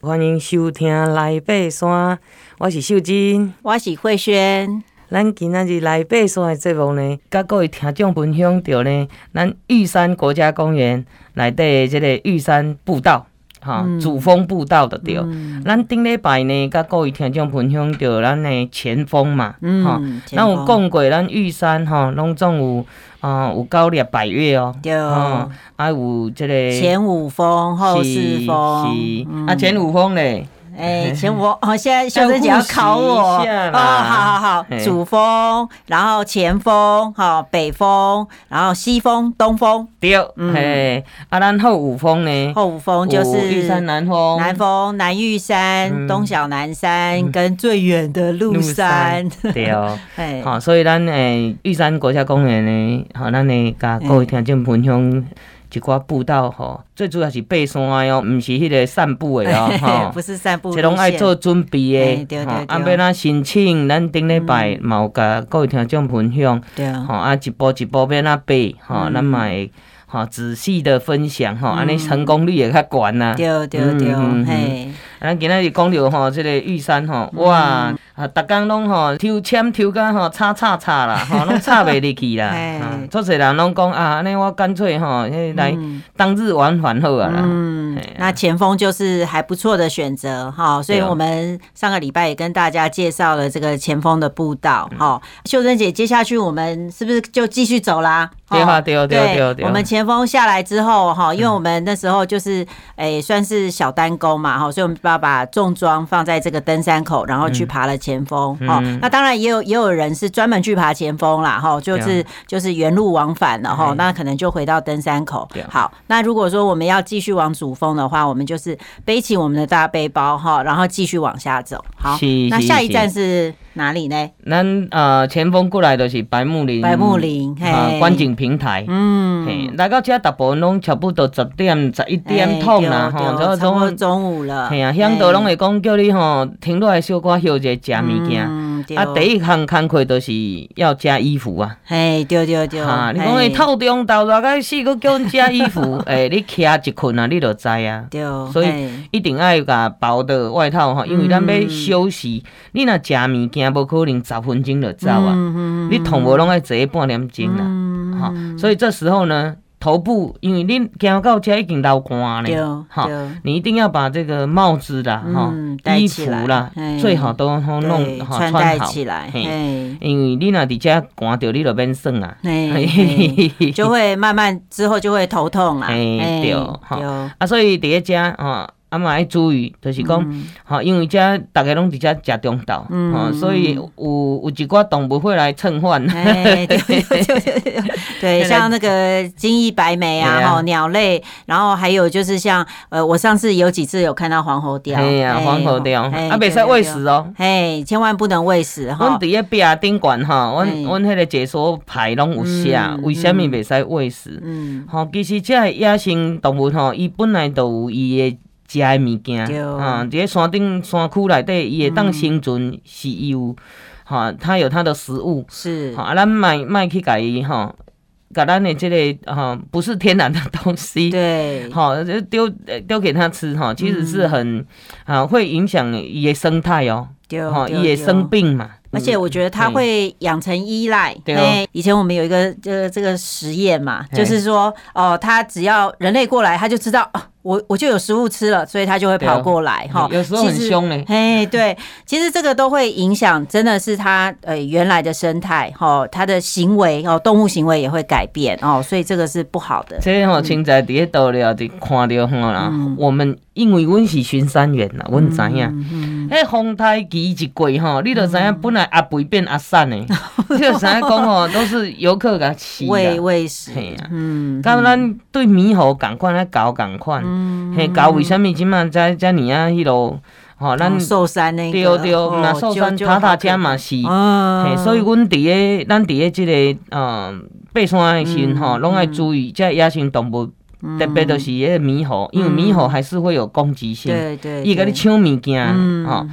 歡迎收聽《來爬山》，我是秀真，我是慧諼。咱今仔日來爬山的節目呢，跟各位會聽眾分享到呢，咱玉山國家公園內底這個玉山步道。哈，主峰步道的對、嗯，咱頂禮拜呢，甲各位聽眾分享掉、嗯，咱的前峰嘛，哈，咱有講過，咱玉山哈攏總有啊、呃、有九粒百岳哦，對，還、啊、有這個前五峰後四峰是是是、嗯，啊前五峰嘞。哎、欸，前五、欸、哦，現在秀真姐要考我、欸、哦，好好好、欸，主峰，然後前峰，哈、哦，北峰，然後西峰東峰對，嗯、欸、啊，然後五峰呢？後五峰，就是玉山南峰南峰，南玉山、嗯、東小南山、嗯、跟最遠的鹿山，嗯、鹿山呵呵對哦，好、 哦，所以咱誒、欸、玉山國家公園呢，好、嗯，那呢加各位聽眾朋友。一寡步道吼，最主要也是爬山哦，毋是迄個散步誒啊，吼、欸，不是散步。即攏愛做準備誒、欸，對對，對。安變咱申請，咱頂禮拜嘛，有甲各位聽眾分享，嗯、對啊，吼啊，一步一步欲哪爬吼，咱嘛會吼、啊、仔細的分享，吼、嗯，安尼成功率會較懸吶、嗯，對對對，嗯嗯、嘿。咱今天是講到吼，這個玉山吼，哇，嗯、啊，逐天攏吼抽籤抽到吼，叉叉叉啦，吼、嗯，攏叉袂入去啦。哎，做儕人攏講啊，安尼我乾脆吼來當日往返好啊嗯，那前峰就是還不錯的選擇哈。所以我們上個禮拜也跟大家介紹了這個前峰的步道哈、嗯。秀真姐，接下去我們是不是就繼續走啦？對啊，對啊，對啊，對，對，啊，對，啊，對，對，啊，對啊。我們前峰下來之後哈，因為我們那時候就是誒、嗯欸，算是小單攻嘛哈，所以我們。要把重裝放在這個登山口，然後去爬了前峰、嗯。哦、嗯，那當然也有也有人是專門去爬前峰啦。哈，就是、嗯、就是原路往返了。哈、嗯，那可能就回到登山口。嗯、好，那如果說我們要繼續往主峰的話，我們就是背起我們的大背包，哈，然後繼續往下走。好，那下一站是。是是哪裡呢？咱呃，前峰過來就是白木林，白木林，呃，嗯、觀景平台。嗯，來到這，大部分攏差不多十點、十一點通了吼、欸，差不多中午了。嘿啊、嚮導攏會講叫你吼停落來小可仔休息食物件。嗯嗯啊，第一項工作就是要加衣服啊！對對對，哈、啊，你講誒，透中晝熱甲要死，佫叫你加衣服，誒、 欸，你徛一困啊，你就知啊。對，所以一定要甲薄的外套哈，因為咱要休息。嗯、你若食物件，無可能十分鐘就走、嗯、啊！你同我攏愛坐半點鐘啊，哈，所以這時候呢。頭部，因為你行到遮已經流汗了，你一定要把這個帽子啦，哈、嗯，衣服啦，最好都弄穿戴起來，哎，因為你若佇遮寒著，你就免耍啊，就會慢慢之後就會頭痛啦，哎，對，哈，哈啊，所以塔塔加阿嘛要注意，就是講，哈，因為遮大家攏直接食中島，哈，所以有有一寡動物會來蹭飯，對，像那個金翼白眉啊，哈，鳥類，然後還有就是像，呃，我上次有幾次有看到黃喉貂，對呀，黃喉貂，哎、啊，袂使餵食哦，哎，千萬不能餵食哈。阮在壁啊頂懸哈，阮阮迄個解說牌攏有寫，為什麼袂使餵食？嗯，好，其實遮野生動物吼，伊本來都有伊的。食的物件，啊、哦，在、嗯、山頂山區內底，伊會當生存是伊有，哈，它有它的食物，是，啊，咱莫賣去改伊，哈，改咱的這類、個，哈、啊，不是天然的東西，對，好、啊，就丟丟給它吃，哈，其實是很，嗯、啊，會影響伊的生態哦，丟，哈、啊，野生病嘛，而且我覺得它會養成依賴、嗯，對、哦，因為以前我們有一個這這個實驗嘛、哦，就是說，哦、呃，它只要人類過來，它就知道。啊我我就有食物吃了，所以他就會跑過來哈。有時候很凶嘞，哎，對， 其實這個都會影響，真的是他呃原來的生態哈，它的行為哦，動物行為也會改變哦，所以這個是不好的。這吼、哦，現在第一道理就看掉了、嗯。我們因為我們是巡山員吶，我不知道。嗯嗯嗯哎，風颱季一過吼，你著知影本來阿肥變阿瘦呢，嗯、 你著知影講吼，都是遊客甲飼啊。 喂餵食。啊、嗯。咱對獼猴同款咧搞同款，嘿、嗯、搞為蝦米？即馬在在你啊迄路，吼、喔、咱。嗯、壽山呢、那個？對對，對，那、哦、壽山塔塔加嘛是。嗯、哦，嘿，所以阮佇個，咱佇即個，嗯，爬山誒時吼，攏愛注意即野生動物。特別都是迄個獼猴、嗯，因為獼猴還是會有攻擊性、嗯，對對，對，伊搿哩搶物件，哦、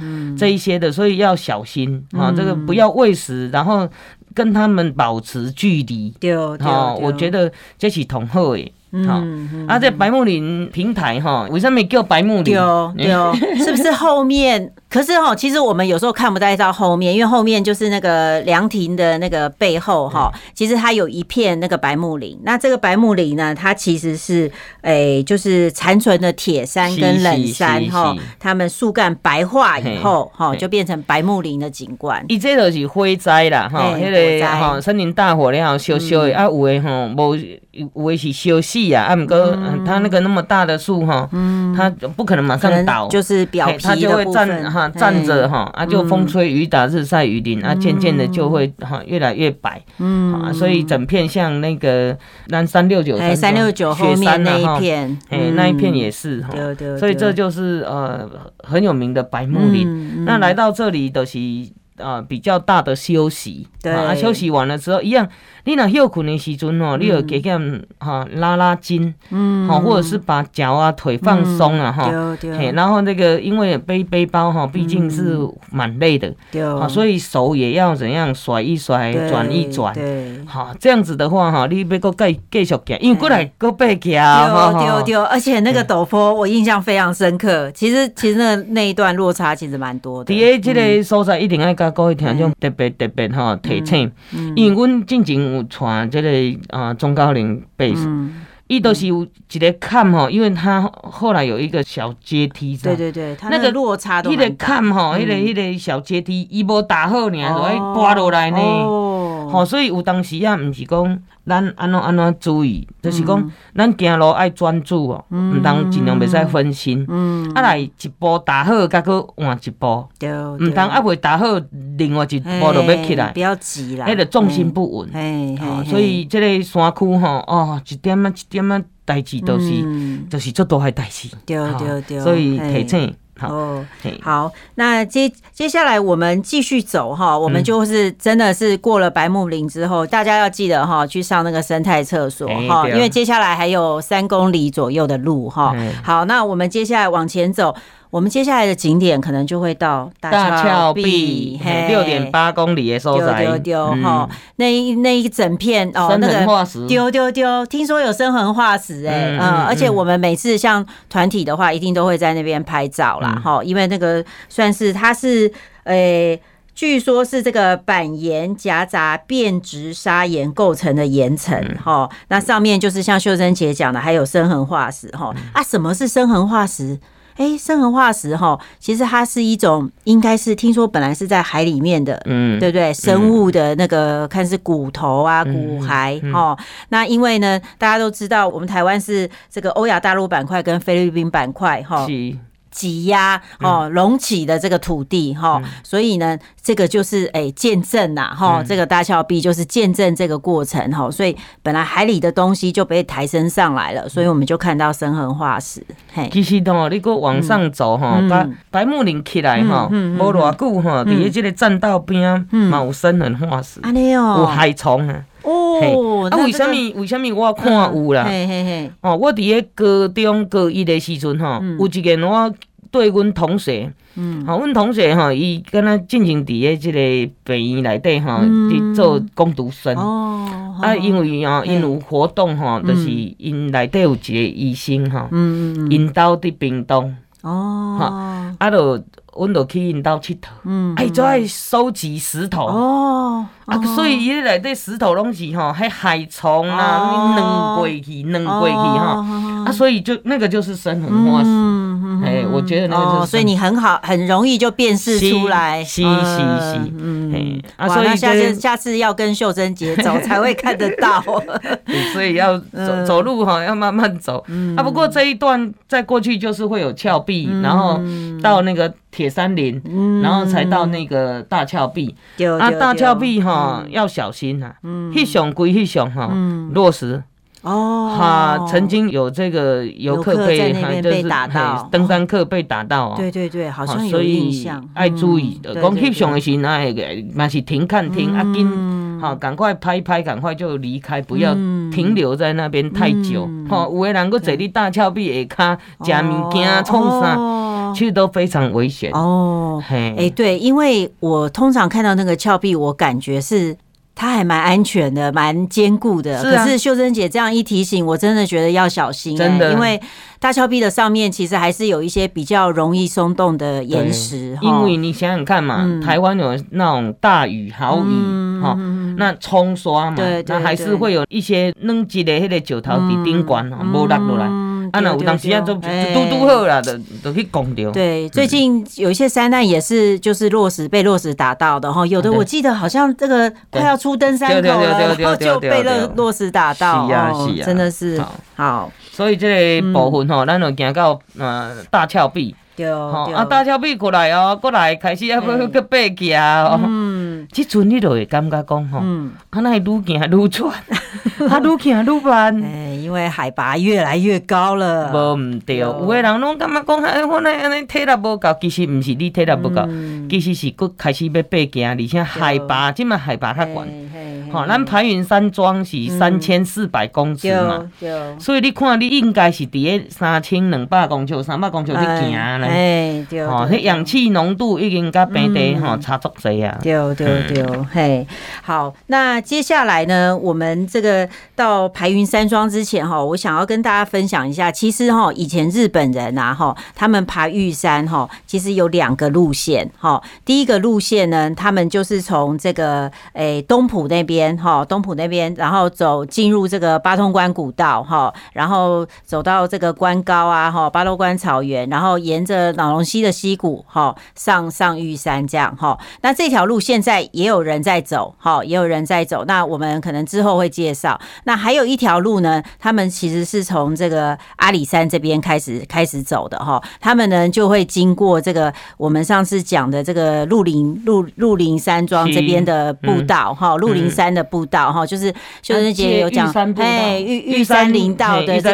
嗯嗯，這一些的，所以要小心，哈、嗯，這個不要餵食，然後跟他們保持距離、嗯，對對，對，我覺得這是同好，哎，好、嗯嗯，啊，在白木林平台，哈，為什麽叫白木林？對對、欸，是不是後面？ 可是哈，其實我們有時候看不太到後面，因為後面就是那個涼亭的那個背後哈，其實它有一片那個白木林。嗯、那這個白木林呢，它其實是誒、欸，就是殘存的鐵杉跟冷杉。哈，它們樹幹白化以後哈，嘿嘿就變成白木林的景觀。一這都是火災啦，哈、喔欸，那個哈森林大火然後燒燒，嗯、啊有的哈無，有的是燒死啊，阿他、嗯、那個那麼大的樹哈，嗯，它不可能馬上倒，就是表皮的、欸、就會哎、啊，站着哈啊，就風吹雨打，日曬雨淋、嗯、啊，漸漸的就會哈越來越白，嗯啊，所以整片像那個南三六九、啊、哎三六九後面那一片哎那一片也是哈，嗯啊、對對對，所以這就是呃很有名的白木林。嗯、那來到這裡都、就是。啊、呃，比較大的休息，對，啊，休息完了之後一樣，你那休困的時陣、嗯、你有加樣哈拉拉筋，嗯，好，或者是把腳啊腿放鬆了哈、嗯，然後那個因為背背包哈，畢、嗯、竟是蠻累的、啊，所以手也要怎樣甩一甩，轉一轉，對，好、啊，這樣子的話哈、啊，你要擱繼繼續行，因為過來擱背行，而且那個陡坡我印象非常深刻，嗯、其實其實那那一段落差其實蠻多的，第一這個所在一定要跟、嗯阿過去聽這種特別特別吼，提醒，因為阮進前有傳這個啊中高齡 Base、嗯，伊、嗯、都是有一個坎吼，因為他後來有一個小階梯、嗯嗯，對對對，那個落差都一、那個坎吼，一個一個小階梯，伊、嗯、無打好你還跌落來呢，吼、哦哦，所以有當時啊，毋是講。咱安怎安怎注意，就是講，咱行路愛專注哦，毋通盡量袂使分心、嗯嗯。啊來一步踏好，則佫換一步，毋通啊，袂踏好，另外一步着要起來，迄着重心不穩、哦，所以即個山區吼，哦，一點仔一點仔代志都是、嗯，就是足大誒代志，着着着。所以提醒。哦，好，那接接下來我們繼續走哈，我們就是真的是過了白木林之後，大家要記得哈，去上那個生態廁所哈，因為接下來還有三公里左右的路哈。好，那我們接下來往前走。我們接下來的景點可能就會到大峭壁，六點八公里的所在。丟丟哈，那一那一整片哦生痕化石，那個丟丢丢，聽說有生痕化石哎、嗯哦，嗯，而且我們每次像團體的話，一定都會在那邊拍照啦，哈、嗯，因為那個算是它是，誒，據說是這個板岩夾雜變質砂岩構成的岩層，哈、嗯哦，那上面就是像秀真姐講的，還有生痕化石，哈、哦嗯，啊，什麼是生痕化石？哎、欸，生活化石吼，其實它是一種應是，應該是聽說本來是在海裡面的，嗯，對不對，對？生物的那個，嗯、看是骨頭啊、嗯、骨骸哈、嗯嗯哦。那因為呢，大家都知道，我們台灣是這個歐亞大陸板塊跟菲律賓板塊吼。擠壓哦，隆起的這個土地哈、喔嗯，所以呢，這個就是哎、欸，見證吶、啊、哈、喔嗯，這個大峭壁就是見證這個過程哈、喔，所以本來海裡的東西就被抬升上來了，所以我們就看到生痕化石。嗯、嘿其實哦、喔，你過往上走哈、喔，白、嗯、白木林起來嘛、喔，無、嗯嗯嗯、多久哈、喔嗯，在這個棧道邊嘛、嗯、有生痕化石，嗯喔、有海蟲啊。哦，啊，為什麼？為什麼我看有啦、嗯嘿嘿？哦，我佇個高中高一的時陣哈、嗯，有一個我對阮同學，嗯、好，阮同學哈，伊敢那進行佇個即個病院內底哈，佇、嗯、做攻讀生，哦、啊、哦，因為啊、嗯，因有活動哈、嗯，就是因內底有一個醫生哈，嗯嗯，因到佇病棟，哦，哈、啊嗯，啊，就阮就去引導鐵佗，嗯，哎，就愛收集石頭，哦。啊，所以伊內底石頭攏是哈，還、哦、海蟲啦、啊，卵、哦、過去，卵、哦、過去哈、哦，啊，所以就那個就是生痕化石，哎、嗯欸嗯，我覺得那個是哦，所以你很好，很容易就辨識出來，嘻嘻嘻，嗯，啊，所以下次下次要跟秀真姐走才會看得到， 所以要走走路哈，要慢慢走、嗯，啊，不過這一段再過去就是會有峭壁，嗯、然後到那個鐵杉林、嗯，然後才到那個大峭壁，有、嗯嗯、啊，啊，大峭壁哈。哦、要小心啊！翕相歸翕相哈，落石哦。哈、啊，曾經有這個遊客，客被打、啊，就是、哦、登山客被打到、哦哦，對對對，好像有印象、啊、所以愛注意。講翕相的時候，那也是停看停，啊，緊，好，趕快拍拍，趕快就離開，不要停留在那邊太久、嗯。哦，有個人擱坐在你大峭壁下骹食物件、創、哦、啥。其實都非常危險哦。哎、欸，對，因為我通常看到那個峭壁，我感覺是它還蠻安全的，蠻堅固的、啊。可是秀真姐這樣一提醒，我真的覺得要小心、欸，真的。因為大峭壁的上面其實還是有一些比較容易鬆動的岩石、哦。因為你想想看嘛，嗯、台灣有那種大雨豪雨哈、嗯，那沖刷嘛對對對，那還是會有一些累積的彼個石頭在頂懸，無、嗯、落下來。嗯啊，有當時啊，都嘟嘟好了，就就去攻掉。對、欸，最近有一些山難也是就是落石被落石打到的哈，有的我記得好像這個快要出登山口了，對對對對，然後就被落落石打到，對對對對、哦，是啊是啊，真的是，好。嗯、所以這個部分吼，咱就講到呃大峭壁。對,對、哦，啊，大腳背過來哦，過來開始要要爬行哦。嗯，即陣你就會感覺講吼，可能是愈行愈喘，啊，愈行愈慢。因為海拔越來越高了。無毋對,對，有的人攏感覺講，哎，我那安尼體力無夠。其實唔是你體力無夠、嗯，其實是閣開始要爬行，而且海拔即嘛海拔較懸。吼、哦，咱排雲山莊是三千、嗯、四百公尺嘛，對對，所以你看，你應該是佇咧三千兩百公尺、三百公尺你，你行了。哎，對，吼，迄氧氣濃度已經跟平地吼差足儕啊。對對對，嘿、嗯嗯，好，那接下來呢，我們這個到排雲山莊之前，哈，我想要跟大家分享一下，其實哈，以前日本人吶，哈，他們爬玉山，哈，其實有兩個路線，哈，第一個路線呢，他們就是從這個誒、欸、東埔那邊。邊哈，東埔那邊，然後走進入這個八通關古道哈，然後走到這個觀高啊哈，八通關草原，然後沿着荖濃溪的溪谷哈上上玉山這樣哈。那這條路現在也有人在走哈，也有人在走。那我們可能之後會介紹。那還有一條路呢，他們其實是從這個阿里山這邊開始開始走的哈。他們呢就會經過這個我們上次講的這個鹿林鹿鹿林山莊這邊的步道哈，鹿林山。嗯嗯的步道哈，就是秀真姐有講，哎，玉山玉山林道的這個這個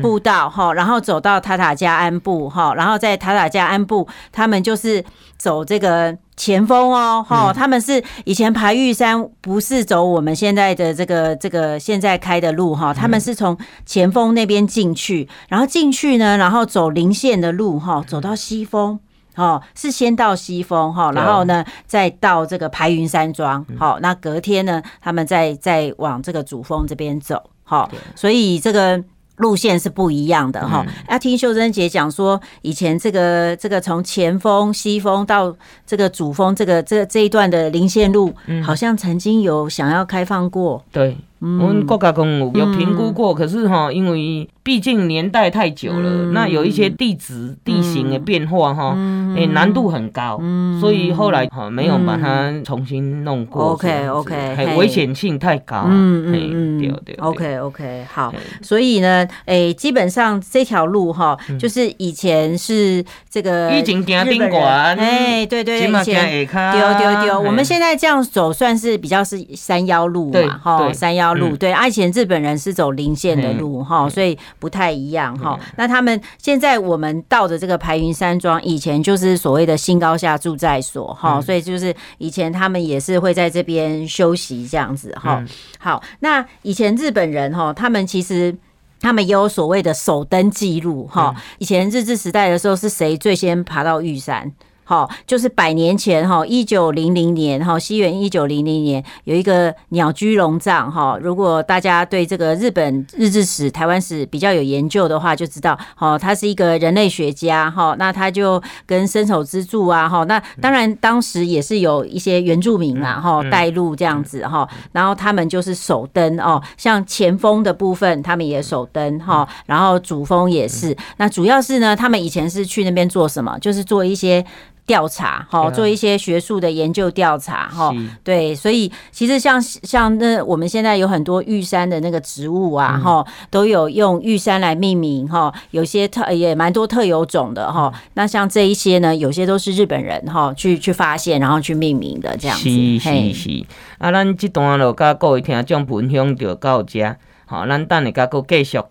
步道哈、嗯，然後走到塔塔加鞍部哈，然後在塔塔加鞍部，他們就是走這個前峰哦哈、嗯，他們是以前爬玉山不是走我們現在的這個這個現在開的路哈，他們是從前峰那邊進去，然後進去呢，然後走稜線的路哈，走到西峰。哦，是先到西峰哈，然後呢，再到這個排雲山莊。好、哦，那隔天呢，他們再再往這個主峰這邊走。好、哦，所以這個路線是不一樣的哈。啊，聽秀真姐講說，以前這個這個從前峰、西峰到這個主峰，這個這這一段的稜線路、嗯，好像曾經有想要開放過。對，嗯、我們國家公園有評估過，嗯、可是哈，因為。畢竟年代太久了，嗯、那有一些地質、嗯、地形的變化哈，哎、嗯，欸、難度很高，嗯、所以後來哈沒有把它重新弄過、嗯。OK OK，hey, 危險性太高。嗯嗯嗯，OK OK，好。所以呢，哎、欸，基本上這條路哈、嗯，就是以前是這個以景日賓館哎，對對對，丟我們現在這樣走算是比較是山腰路嘛，哈，山腰路。對，哎、嗯，以前日本人是走稜線的路哈，所以。不太一樣哈，那他們現在我們到的這個排雲山莊，以前就是所謂的新高下駐在所哈，所以就是以前他們也是會在這邊休息這樣子哈。好，那以前日本人哈，他們其實他們也有所謂的首登記錄哈，以前日治時代的時候是誰最先爬到玉山？好，就是百年前哈，一九零零年哈，西元一九零零年有一個鳥居龍藏哈，如果大家對這個日本日治史、台灣史比較有研究的話，就知道，好，他是一個人類學家哈，那他就跟森丑之助啊哈，那當然當時也是有一些原住民啊哈帶路這樣子哈，然後他們就是首登哦，像前峰的部分他們也首登哈，然後主峰也是，那主要是呢，他們以前是去那邊做什麼？就是做一些。調查哈，做一些學術的研究調查哈、啊，對，所以其實像像那我們現在有很多玉山的那個植物啊哈、嗯，都有用玉山來命名哈，有些特也蠻多特有種的哈、嗯。那像這一些呢，有些都是日本人哈去去發現然後去命名的這樣子。是是是，啊，咱這段路，加過各位聽眾分享就到家，好、喔，咱等一下加過繼續。